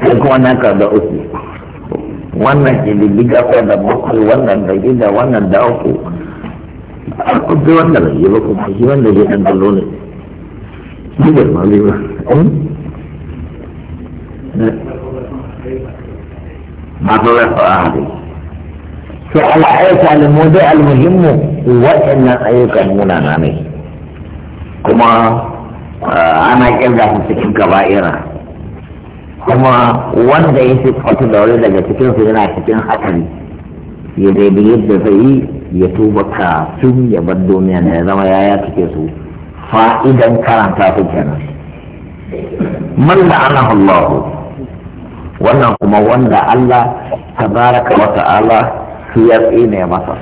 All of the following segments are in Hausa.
sai kuma na ka da uku wannan ke ko da bakwai wannan da gida wannan da uku a kudu wannan da yi ba kuma shi wanda zai ɗan dallo ne shi ma bai ba ما hmm? تضيف ah, cikin gaba'ira kuma wanda ya fi kwata da wani daga cikin su yana cikin hatsari ya daidai yadda zai yi ya tuba kafin ya bar duniya da ya zama ya ya cike su fa'idan karanta su kenan man ana Allah wannan kuma wanda Allah ta baraka wa ta'ala su ya tsine masa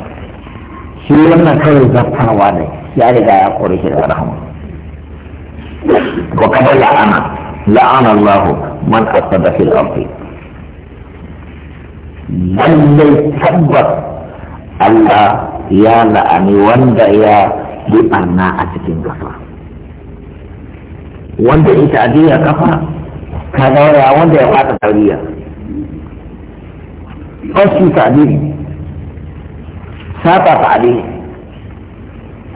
shi wannan kawai zartawa ne ya riga ya kore shi daga rahama wa kada la'ana la'ana Allah man afsada fil ardi lallai tabbas Allah ya la'ani wanda ya yi anna a cikin ƙasa wanda ya ta'adiyya kafa ka daura wanda ya fata tarbiyya fashi ta'adiyya saba ta'adiyya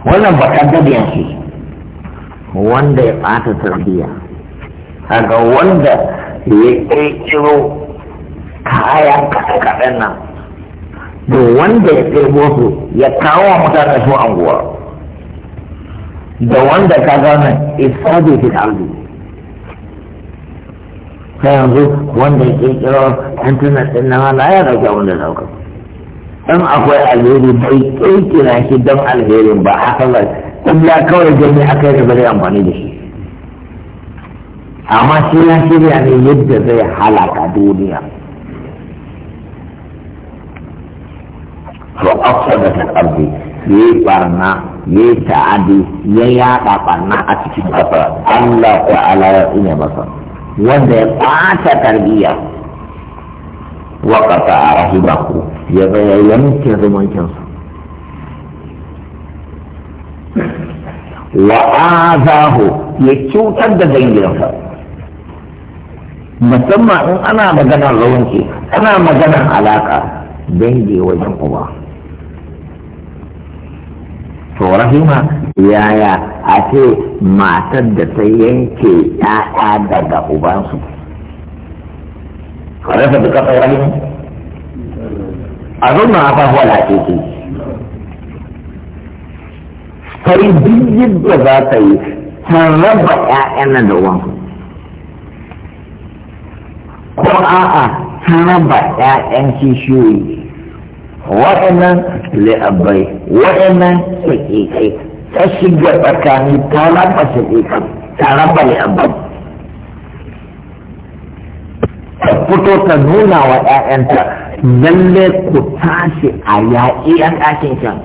wannan bakar dabiyan shi wanda ya fata tarbiyya kaga wanda ya kirkiro kaya kaɗan nan da wanda ya kirbo su ya kawo wa mutane su anguwa da wanda ka gane isadu fil ardi sai yanzu wanda ya kirkiro intanet din nan Allah ya dauke abin da dauka dan akwai alheri bai kirkira shi don alherin ba haka ba kuma ya kawai jami'a kai da bari amfani da shi amma shi ya shirya ne yadda zai halaka duniya to afsada ta ardi yayi barna yayi ta'adi ya yaɗa barna a cikin kasa Allah ta'ala ya tsine masa wanda ya ɓata tarbiyya wa ƙasa qata rahimahu ya ga yanke zumuncinsa wa azahu ya cutar da danginsa musamman in ana maganar rawanci ana maganar alaka dangi wajen uba to rahima yaya a ce matar da ta yanke ya'ya daga ubansu rasa da kasar rahima a zunna da ake ce sai duk yadda za ta yi can raba 'ya'yan nan da wansu. ko a'a sun raba ƴaƴan kishiyoyi wa'annan li'abbai waɗannan shaƙiƙai ta shiga tsakani ta raba shaƙiƙan ta raba li'abbai ta fito ta nuna wa ƴaƴanta lalle ku tashi a yaƙi ƴan ɗakin can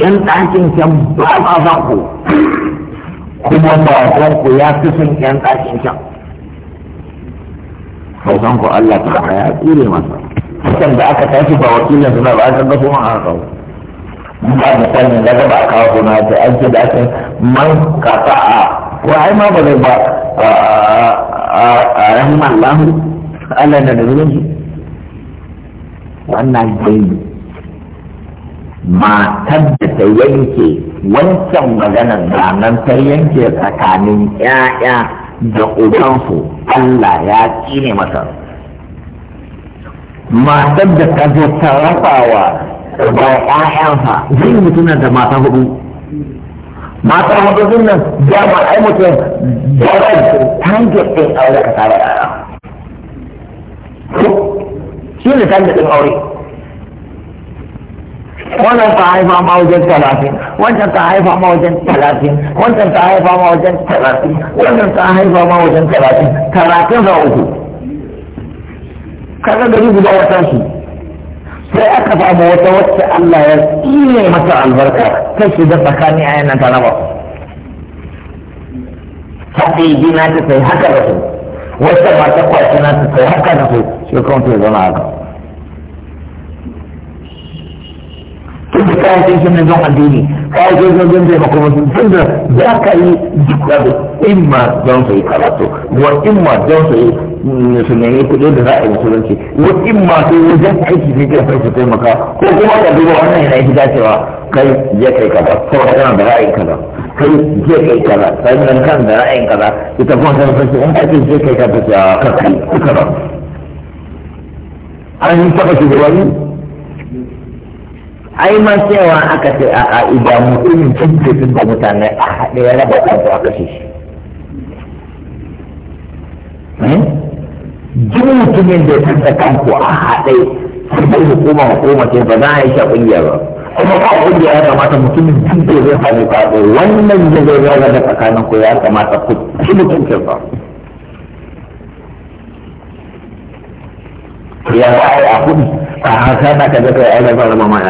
ƴan ɗakin can ba ba ku kuma ba ku ya fi son ƴan ɗakin can hausan ku Allah ta ya tsire masa hakan da aka tashi ba wakilin suna ba aka gafo a aka kawo ba misalin da ba a kawo suna da an ce da aka man kafa a ko ai ma ba zai ba a rahman lahu Allah da da zuwansu wannan dai matar da ta yanke wancan maganar ranar ta yanke tsakanin 'ya'ya da ubansu Allah ya ne masa matar da ta zo ta rafawa da ƴaƴansa zai mutunan da mata hudu mata hudu zai nan dama ai mutum da ta target ɗin aure ka tare da shi ne target ɗin aure وانا تعايفة مع وزن ثلاثين وانت تعايفة مع وزن ثلاثين وانت تعايفة مع وزن ثلاثين وانت تعايفة مع وزن ثلاثين ثلاثين فأوزن كذا قريب دعوة تنسي فأكا فأبو وتوسع الله يسيني إيه مساء البركة تنسي ذا تخاني عينا تنبع حقي جيناتي في حكا رسول وسبع تقوى جيناتي في حكا رسول شكرا في ذنبع kayayyakin shi ne don addini kayayyakin shi don taimako musu tun da za ka yi jikabu imma don su yi karatu wa imma don su yi su nemi da za a yi musulunci wa imma su yi wajen aiki ne kai su taimaka ko kuma ka duba wannan yana yi dacewa kai je kai kaza ko kana da ra'ayin kaza kai je kai kaza sai nan kan da ra'ayin kaza ita kuma ta fashe in ka je kai kaza ah, ka kai kaza an yi taɓa shugabanni ai ma cewa aka ce a ka'ida mutumin cikin da mutane a haɗe ya raba kansu a kashe shi hmm? duk mutumin da ya da kanku a haɗe sai hukuma hukuma ce ba za a yi ƙungiya ba kuma ba ƙungiya ya kamata mutumin cikin da zai sami faɗo wannan da zai zaga da tsakanin ku ya kamata ku ci mutuncin ba ya ba a yi a kuɗi a hasa da ka zaka yi aiki ba zama ma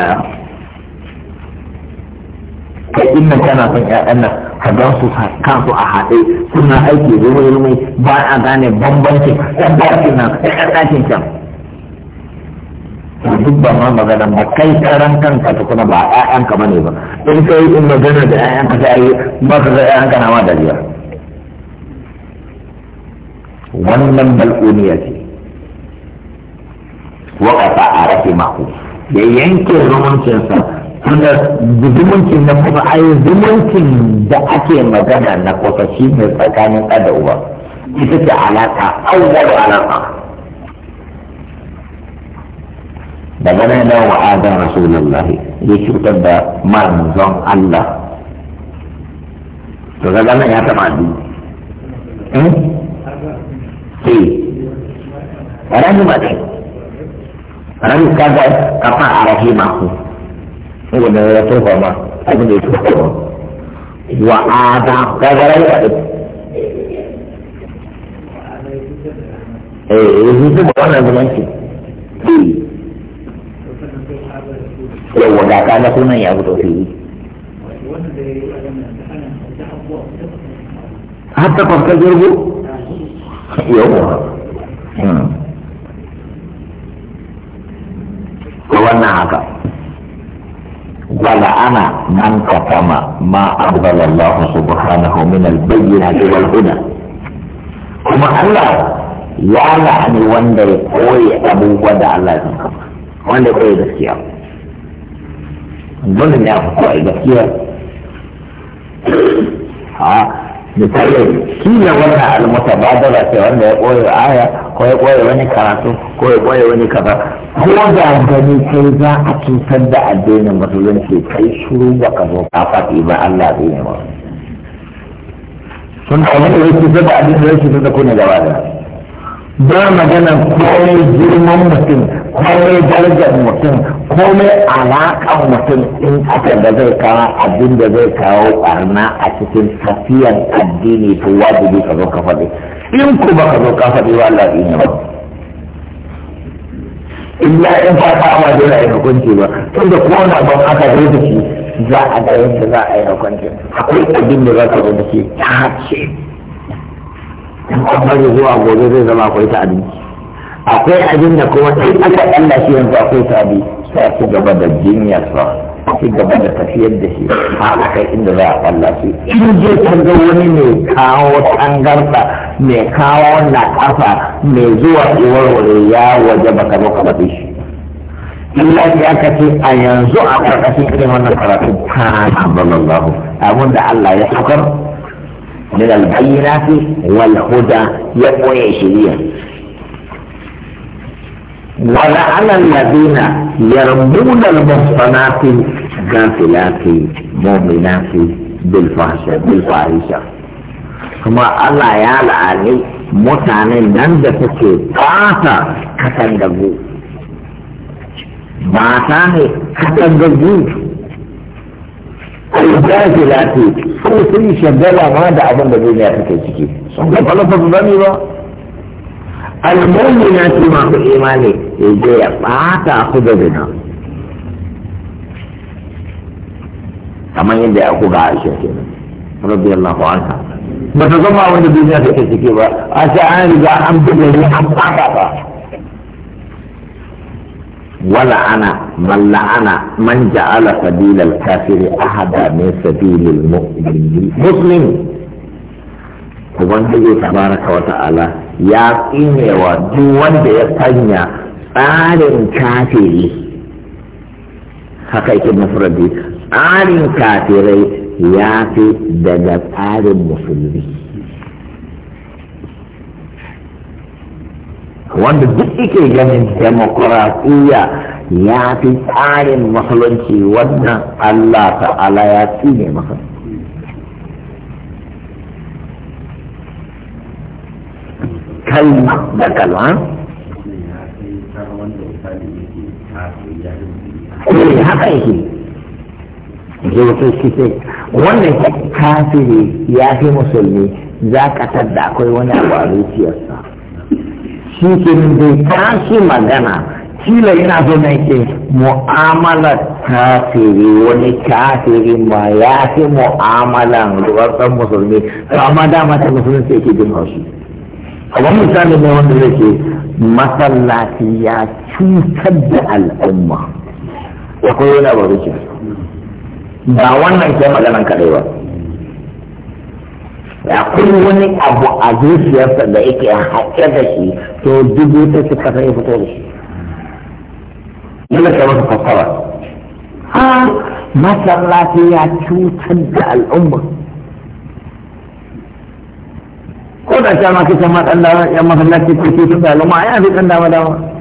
Ka in kana son ƴaƴan nan ka gan su kansu a haɗe suna aiki rumai rumai ba a gane bambancin ɗan ɗakin nan ɗan ɗakin can duk ba ma magana ba kai karan kanka ta kuma ba ƴaƴan ka bane ba in kai in magana da ƴaƴan ka sai ba ka ga ƴaƴan ka na ma dariya wannan balkoniya ce ƙasa a mako ya yanke zumuncinsa wanda zumunci na kuma yi zumuncin da ake magana na kusa shi ne tsakanin ɗada uba ita ce alaƙa awwalu alaƙa da gane na wa adan ya cutar da manzon Allah to ga gane ya taɓa bi eh eh rahima ce rahima kaga kafa a rahimahu wanda ya tofa ma abin da ya tofa ma wa ada kagarai a duk eh yanzu eh, da wannan zumanci yawwa ga ka na sunan ya fito fili hatta kwafkar jirgo yawwa hmm. wannan haka ولعن من كتم ما أنزل الله سبحانه من البينة والهدى كما الله ya la'ani wanda ya koya abubuwa da Allah ya kama wanda ya koye gaskiya dole ne a fito gaskiya misalin kila wata almata ba da ba wanda ya ɓoye aya ko ya ɓoye wani karatu ko ya ɓoye wani kaza ko da gani sai za a cutar da addinin musulunci kai shuru ba ka zo ka faɗi ba Allah zai yi ba sun kamar da ya cutar da addinin ya cutar da kuna gaba da ba magana komai girman mutum komai darajar mutum komai alaƙar mutum in aka da zai kawo abin da zai kawo barna a cikin tafiyar addini to wajibi ka zo ka faɗi in ku ba ka zo ka faɗi wa Allah ne ba ya in fata awa dole a yi hukunci ba tunda na ban aka zo da shi za a ga yadda za a yi hukunci akwai abin da za ka zo da shi ta ce in an bari zuwa gobe zai zama akwai ta'adi akwai abin da kuma aka Allah shi yanzu akwai ta'adi sai ci gaba da jinyarsa ci gaba da tafiyar da shi har a kai inda za a kalla shi in je canza wani mai kawo tangarda mai kawo wannan kafa mai zuwa iwarware ya waje baka baka ba shi illa ne aka ce a yanzu a ƙarƙashin irin wannan karatu ta abin da Allah ya saukar من البينات والهدى يقوي شريعة ولعل الذين يرمون المحصنات غافلات مؤمنات بالفحشة بالفاحشة كما الله يلعن متعني nan da suke kasa katangagu mata ne katangagu ce sun sun shagala ma da abin da duniya take ciki sun ga falafa su zami ba almu'minati masu imani ya je ya bata su da zina kamar yadda ya kuga aisha kenan radiyallahu anha ba ta zama abin da duniya take ciki ba a ce an riga an buga ne an bata ba ولعن من لعن من جعل سبيل الكافر أحدا من سبيل المؤمن مسلم Ubangiji tabaraka wa ta'ala ya tsinewa duk wanda ya sanya tsarin kafiri haka yake mafuradi tsarin kafirai ya fi daga tsarin musulmi wanda duk ike ganin demokuraɗiyya ya fi tsarin musulunci wannan Allah ta'ala ya tsine masa kalma da kalma eh haka yake zai kai kise wannan kafiri ya fi musulmi za ka tadda akwai wani abu a zuciyarsa shi ke bai tashi magana kila yana so na ke mu'amala kafiri wani kafiri ma ya fi mu'amalan musulmi to amma dama ta musulmi sai ke jin haushi kamar misali ne wanda zai ke masallaci ya cutar da al'umma akwai wani abu ba wannan ke maganan kaɗai ba ya kuma wani abu a zuciyarsa da yake haƙe da shi to dubu ta kasa ya fito da shi yana kai masa fassara ha masallaci ya cutar da al'umma ko da shi ma kisan masallaci ya masallaci ko cutar da al'umma ya fi kan dama dama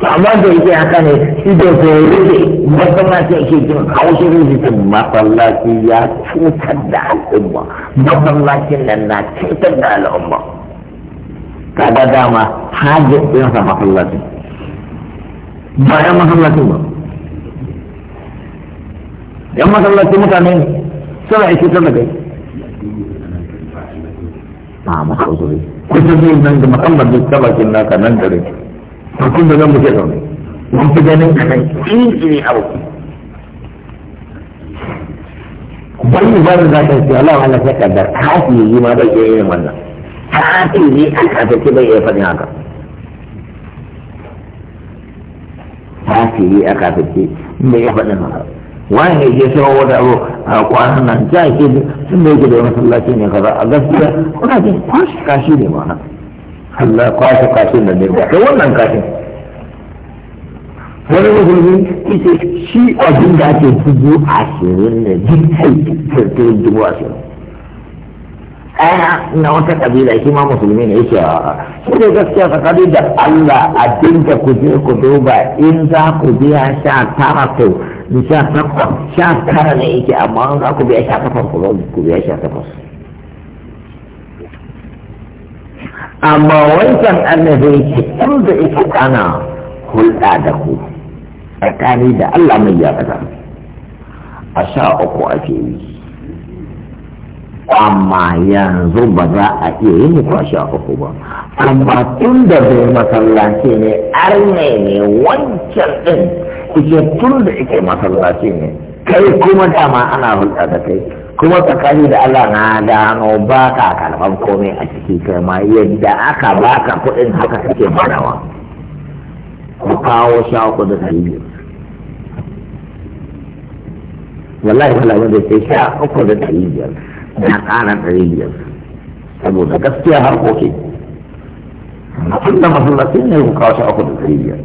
to amma da yake haka ne shi da zai rike masallaci ake jin haushin rikicin masallaci ya cutar da al'umma masallacin nan na cutar da al'umma kaga dama hajji sa masallacin ba ya masallacin ba yan masallaci mutane ne suna ya cutar da kai ba ah, masu zuri kusa zai nan da da tabakin naka nan da rai mutum da nan muke zaune mun fi ganin a nan ƙinƙini abu wani bari za ka ce Allah wannan ta kaddar hafi yi ma bai iya yin wannan hafi yi a kasace bai ya faɗin haka hafi yi a kasace bai ya faɗin haka wani ne ke shawo wata abu a kwanan nan ta ke sun da yake da masallaci ne kaza a gaskiya kuna jin kwashi kashi ne ma haka Allah kwashe kashin da dirga kai wannan kashin wani musulmi ita shi abin da ake dubu ashirin ne duk kai dubu ashirin ɗaya na wata ƙabila shi ma musulmi ne yake a shi ne gaskiya tsakani da Allah a dinka ku je ku duba in za ku biya sha tara to sha takwas sha tara ne yake amma in za ku biya sha takwas ku biya sha takwas amma wancan annabi yake da yake kana hulɗa da ku tsakani da Allah mai ya kaza a sha uku ake yi amma yanzu ba za a iya yin muku sha uku ba amma tun da zai masallaci ne arne ne wancan ɗin ike tun da ike masallaci ne kai kuma dama ana hulɗa da kai kuma tsakani da Allah na gano ba ka karɓar komai a ciki kai ma yadda aka ba ka kuɗin haka suke marawa ku kawo sha uku da ɗari wallahi kala wanda sai sha uku da ɗari biyar na ƙara ɗari biyar saboda gaskiya harkoki mutum da masallaci ne ku kawo sha uku da ɗari biyar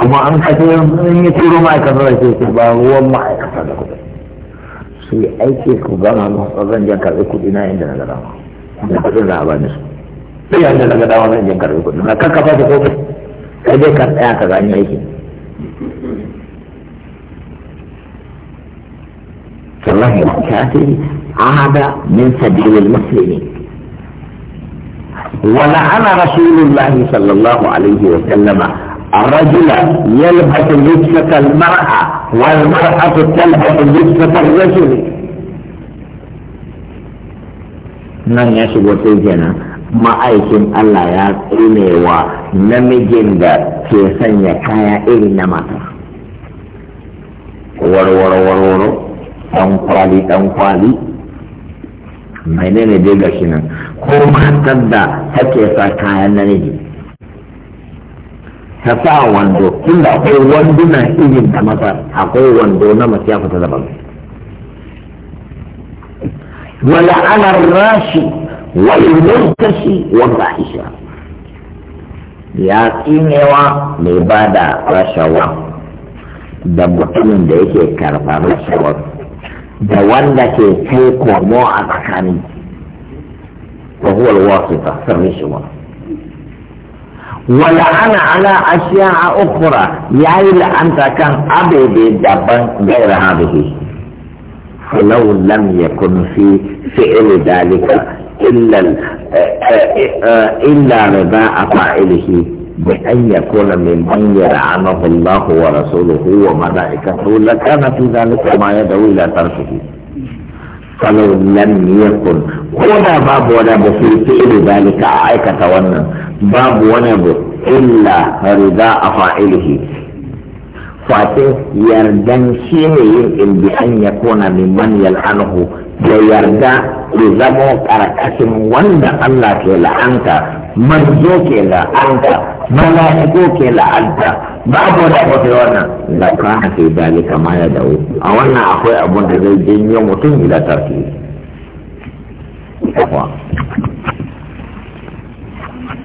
amma an kashe yin yi turo ma'aikatar da ke ba ruwan ma'aikatar da kuɗi su yi aiki ku gama masu zan jan karɓi kuɗi na inda na ga dama da kuɗin za a bani su sai yanda na ga dama zan jan karɓi kuɗi na kakkafa da komai kai dai ka tsaya ka gani aiki sallahi da a ahada min sabilil muslimin wala ana الله sallallahu alaihi wa sallama الرجل يلبس لبسة المرأة والمرأة تلبس لبسة الرجل nan ya shigo sai kenan ma'aikin Allah ya tsinewa namijin da ke sanya kaya irin na mata warwarwarwaro dan kwali dan kwali mai ne ne dai gashi nan ko matar da take sa kayan namiji ta sa wando tunda akwai wanduna irin ta masa akwai wando na masu ya fita daban wala ala rashi wal murtashi wanda isha ya tsinewa mai ba da rashawa da mutumin da yake karba rashawa da wanda ke kai komo a tsakani wa huwa alwasita sarrishuwa ولعن على أشياء أخرى يعني لأنت كان أبدي دبن غير هذه فلو لم يكن في فعل ذلك إلا آه، آه، آه، إلا رضاء فاعله بأن يكون ممن يلعنه الله ورسوله وملائكته لكان في ذلك ما يدعو إلى تركه فلو لم يكن ولا باب ولا أبو في فعل ذلك أعيك تونا باب ولا أبو إلا رداء فاعله فاتح يردن شيء بأن يكون ممن يلعنه da yarda da zama karkashin wanda Allah ke la'anta manzo ke la'anta malaiko ke la'anta babu wanda abu ke wannan la kana fi dalika kama ya dawo a wannan akwai abun da zai janyo mutum ila tafi